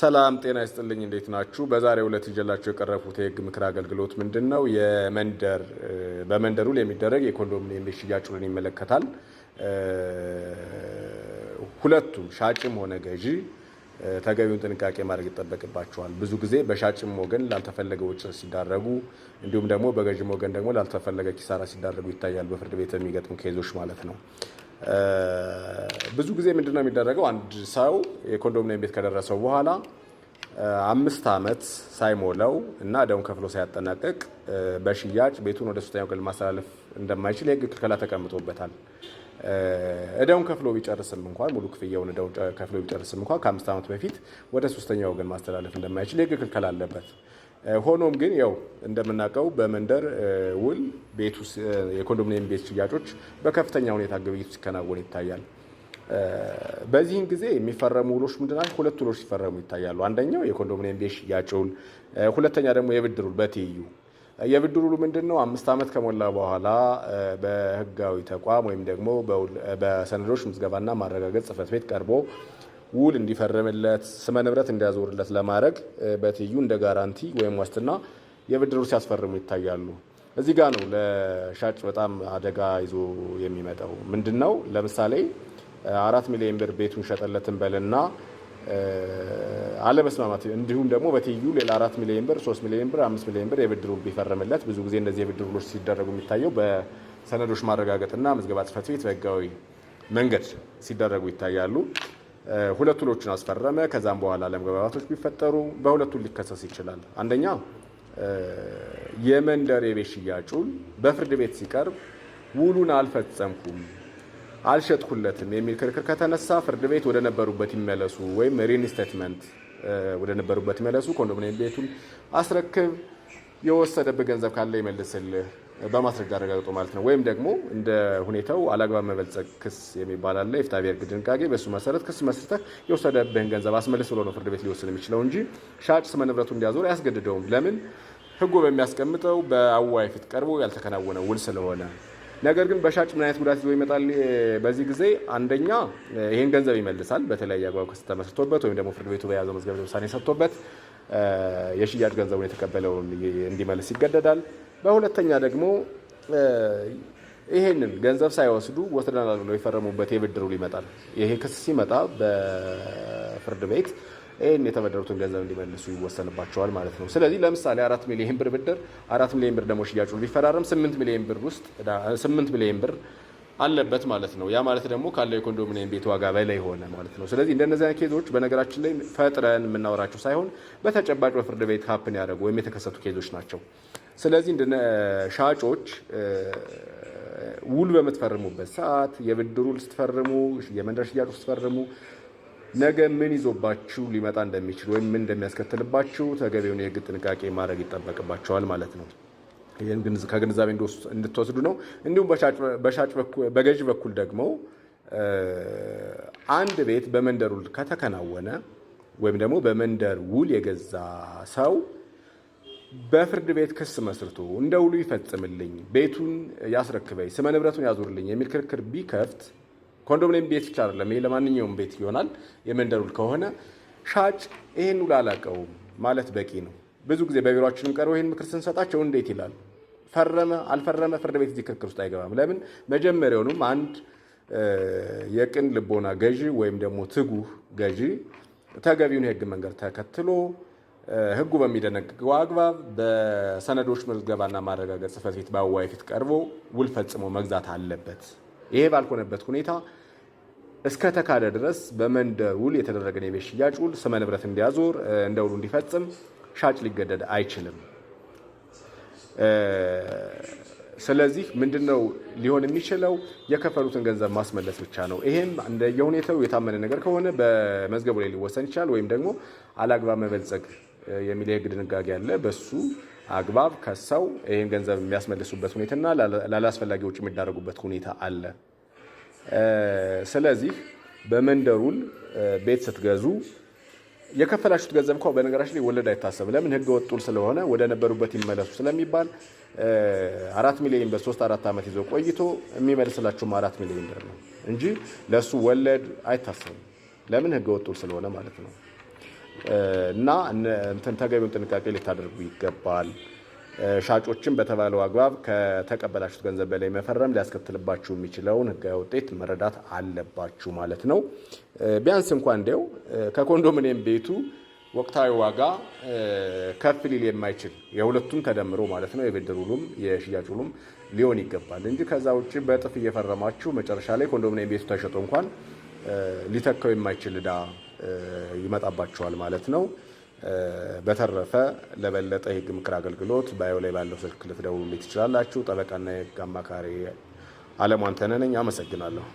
ሰላም ጤና ይስጥልኝ። እንዴት ናችሁ? በዛሬ ሁለት ይዤላችሁ የቀረብኩት የህግ ምክር አገልግሎት ምንድን ነው? የመንደር የሚደረግ የኮንዶሚኒየም ሽያጭ ውልን ይመለከታል። ሁለቱም ሻጭም ሆነ ገዢ ተገቢውን ጥንቃቄ ማድረግ ይጠበቅባቸዋል። ብዙ ጊዜ በሻጭም ወገን ላልተፈለገ ወጪ ሲዳረጉ እንዲሁም ደግሞ በገዥም ወገን ደግሞ ላልተፈለገ ኪሳራ ሲዳረጉ ይታያል። በፍርድ ቤት የሚገጥሙ ኬዞች ማለት ነው። ብዙ ጊዜ ምንድነው የሚደረገው? አንድ ሰው የኮንዶሚኒየም ቤት ከደረሰው በኋላ አምስት ዓመት ሳይሞላው እና እዳውን ከፍሎ ሳያጠናቀቅ በሽያጭ ቤቱን ወደ ሶስተኛ ወገን ማስተላለፍ እንደማይችል የህግ ክልከላ ተቀምጦበታል። እዳውን ከፍሎ ቢጨርስም እንኳን ሙሉ ክፍያውን እዳውን ከፍሎ ቢጨርስም እንኳን ከአምስት ዓመት በፊት ወደ ሶስተኛው ወገን ማስተላለፍ እንደማይችል የሕግ ክልከላ አለበት። ሆኖም ግን ያው እንደምናውቀው በመንደር ውል ቤቱ የኮንዶሚኒየም ቤት ሽያጮች በከፍተኛ ሁኔታ ግብይቱ ሲከናወን ይታያል። በዚህን ጊዜ የሚፈረሙ ውሎች ምንድናቸው? ሁለት ውሎች ሲፈረሙ ይታያሉ። አንደኛው የኮንዶሚኒየም ቤት ሽያጭ ውል፣ ሁለተኛ ደግሞ የብድር ውል በትይዩ የብድር ውሉ ምንድን ነው? አምስት ዓመት ከሞላ በኋላ በህጋዊ ተቋም ወይም ደግሞ በሰነዶች ምዝገባና ማረጋገጥ ጽሕፈት ቤት ቀርቦ ውል እንዲፈርምለት ስመ ንብረት እንዲያዞርለት ለማድረግ በትይዩ እንደ ጋራንቲ ወይም ዋስትና የብድሩ ሲያስፈርሙ ይታያሉ። እዚህ ጋር ነው ለሻጭ በጣም አደጋ ይዞ የሚመጣው ምንድን ነው? ለምሳሌ አራት ሚሊዮን ብር ቤቱን ሸጠለትን በልና አለመስማማት እንዲሁም ደግሞ በትይዩ ሌላ አራት ሚሊዮን ብር፣ ሶስት ሚሊዮን ብር፣ አምስት ሚሊዮን ብር የብድሩ ቢፈርምለት ብዙ ጊዜ እንደዚህ የብድር ውሎች ሲደረጉ የሚታየው በሰነዶች ማረጋገጥና ምዝገባ ጽሕፈት ቤት በህጋዊ መንገድ ሲደረጉ ይታያሉ። ሁለት ውሎችን አስፈረመ። ከዛም በኋላ አለመግባባቶች ቢፈጠሩ በሁለቱ ሊከሰስ ይችላል። አንደኛ የመንደር የቤት ሽያጩን በፍርድ ቤት ሲቀርብ ውሉን አልፈጸምኩም አልሸጥኩለትም የሚል ክርክር ከተነሳ ፍርድ ቤት ወደ ነበሩበት ይመለሱ ወይም ሪኢንስቴትመንት ወደ ነበሩበት ይመለሱ፣ ኮንዶሚኒየም ቤቱን አስረክብ፣ የወሰደብህ ገንዘብ ካለ ይመልስልህ በማስረጃ አረጋግጦ ማለት ነው። ወይም ደግሞ እንደ ሁኔታው አላግባብ መበልጸግ ክስ የሚባል አለ፣ የፍትሐ ብሔር ድንጋጌ። በእሱ መሰረት ክስ መስርተህ የወሰደብህን ገንዘብ አስመልስ ብሎ ነው ፍርድ ቤት ሊወስን የሚችለው እንጂ ሻጭ ስመ ንብረቱ እንዲያዞር አያስገድደውም። ለምን? ህጉ በሚያስቀምጠው በአዋይ ፊት ቀርቦ ያልተከናወነ ውል ስለሆነ። ነገር ግን በሻጭ ምን አይነት ጉዳት ይዞ ይመጣል? በዚህ ጊዜ አንደኛ ይህን ገንዘብ ይመልሳል፣ በተለያየ አግባብ ክስ ተመስርቶበት ወይም ደግሞ ፍርድ ቤቱ በያዘው መዝገብ ውሳኔ ሰጥቶበት የሽያጭ ገንዘቡን የተቀበለውን እንዲመልስ ይገደዳል። በሁለተኛ ደግሞ ይሄንን ገንዘብ ሳይወስዱ ወስደናል ብለው የፈረሙበት የብድሩ ይመጣል። ይሄ ክስ ሲመጣ በፍርድ ቤት ይህን የተበደሩትን ገንዘብ እንዲመልሱ ይወሰንባቸዋል ማለት ነው። ስለዚህ ለምሳሌ አራት ሚሊዮን ብር ብድር አራት ሚሊዮን ብር ደግሞ ሽያጩን ቢፈራረም ስምንት ሚሊዮን ብር ውስጥ ስምንት ሚሊዮን ብር አለበት ማለት ነው። ያ ማለት ደግሞ ካለው የኮንዶሚኒየም ቤት ዋጋ በላይ ሆነ ማለት ነው። ስለዚህ እንደነዚህ አይነት ኬዞች በነገራችን ላይ ፈጥረን የምናወራቸው ሳይሆን በተጨባጭ በፍርድ ቤት ሀፕን ያደረጉ ወይም የተከሰቱ ኬዞች ናቸው። ስለዚህ እንደ ሻጮች ውል በምትፈርሙበት ሰዓት የብድሩ ስትፈርሙ፣ የመንደር ሽያጭ ስትፈርሙ ነገ ምን ይዞባችሁ ሊመጣ እንደሚችል ወይም ምን እንደሚያስከትልባችሁ ተገቢውን የህግ ጥንቃቄ ማድረግ ይጠበቅባቸዋል ማለት ነው። ይህን ከግንዛቤ እንድትወስዱ ነው። እንዲሁም በገዥ በኩል ደግሞ አንድ ቤት በመንደር ውል ከተከናወነ ወይም ደግሞ በመንደር ውል የገዛ ሰው በፍርድ ቤት ክስ መስርቶ እንደ ውሉ ይፈጽምልኝ፣ ቤቱን ያስረክበኝ፣ ስመ ንብረቱን ያዙርልኝ የሚል ክርክር ቢከፍት ኮንዶሚኒየም ቤት ብቻ አይደለም፣ ይሄ ለማንኛውም ቤት ይሆናል። የመንደር ውል ከሆነ ሻጭ ይህን ውል አላውቀውም ማለት በቂ ነው። ብዙ ጊዜ በቢሮችንም ቀርቦ ይህን ምክር ስንሰጣቸው እንዴት ይላል፣ ፈረመ አልፈረመ ፍርድ ቤት እዚህ ክርክር ውስጥ አይገባም። ለምን መጀመሪያውንም አንድ የቅን ልቦና ገዢ ወይም ደግሞ ትጉህ ገዢ ተገቢውን የህግ መንገድ ተከትሎ ህጉ በሚደነግገው አግባብ በሰነዶች ምዝገባና ማረጋገጥ ጽሕፈት ቤት በአዋይ ፊት ቀርቦ ውል ፈጽሞ መግዛት አለበት። ይሄ ባልሆነበት ሁኔታ እስከ ተካደ ድረስ በመንደር ውል የተደረገን የቤት ሽያጭ ውል ስመ ንብረት እንዲያዞር እንደ ውሉ እንዲፈጽም ሻጭ ሊገደድ አይችልም። ስለዚህ ምንድነው ሊሆን የሚችለው? የከፈሉትን ገንዘብ ማስመለስ ብቻ ነው። ይሄም እንደየሁኔታው የታመነ ነገር ከሆነ በመዝገቡ ላይ ሊወሰን ይችላል፣ ወይም ደግሞ አላግባብ መበልጸግ የሚል የህግ ድንጋጌ አለ። በሱ አግባብ ከሰው ይህን ገንዘብ የሚያስመልሱበት ሁኔታና ላላስፈላጊ የሚዳረጉበት ሁኔታ አለ። ስለዚህ በመንደሩል ቤት ስትገዙ የከፈላችሁት ገንዘብ እንኳ በነገራችን ላይ ወለድ አይታሰብ። ለምን ህገ ወጥ ውል ስለሆነ ወደ ነበሩበት ይመለሱ ስለሚባል አራት ሚሊዮን በሶስት አራት ዓመት ይዞ ቆይቶ የሚመልስላችሁም አራት ሚሊዮን ብር ነው እንጂ ለእሱ ወለድ አይታሰብም። ለምን ህገ ወጥ ውል ስለሆነ ማለት ነው። እና እንትን ተገቢውን ጥንቃቄ ልታደርጉ ይገባል። ሻጮችን በተባለው አግባብ ከተቀበላችሁት ገንዘብ በላይ መፈረም ሊያስከትልባችሁ የሚችለውን ሕጋዊ ውጤት መረዳት አለባችሁ ማለት ነው። ቢያንስ እንኳን እንዲያው ከኮንዶሚኒየም ቤቱ ወቅታዊ ዋጋ ከፍ ሊል የማይችል የሁለቱም ተደምሮ ማለት ነው የብድር ውሉም የሽያጭ ውሉም ሊሆን ይገባል እንጂ ከዛ ውጭ በእጥፍ እየፈረማችሁ መጨረሻ ላይ ኮንዶሚኒየም ቤቱ ተሸጦ እንኳን ሊተካው የማይችል ዕዳ ይመጣባቸዋል ማለት ነው። በተረፈ ለበለጠ የህግ ምክር አገልግሎት ባዮ ላይ ባለው ስልክ ልትደውሉልኝ ትችላላችሁ። ጠበቃና የህግ አማካሪ አለሙ አንተነህ ነኝ። አመሰግናለሁ።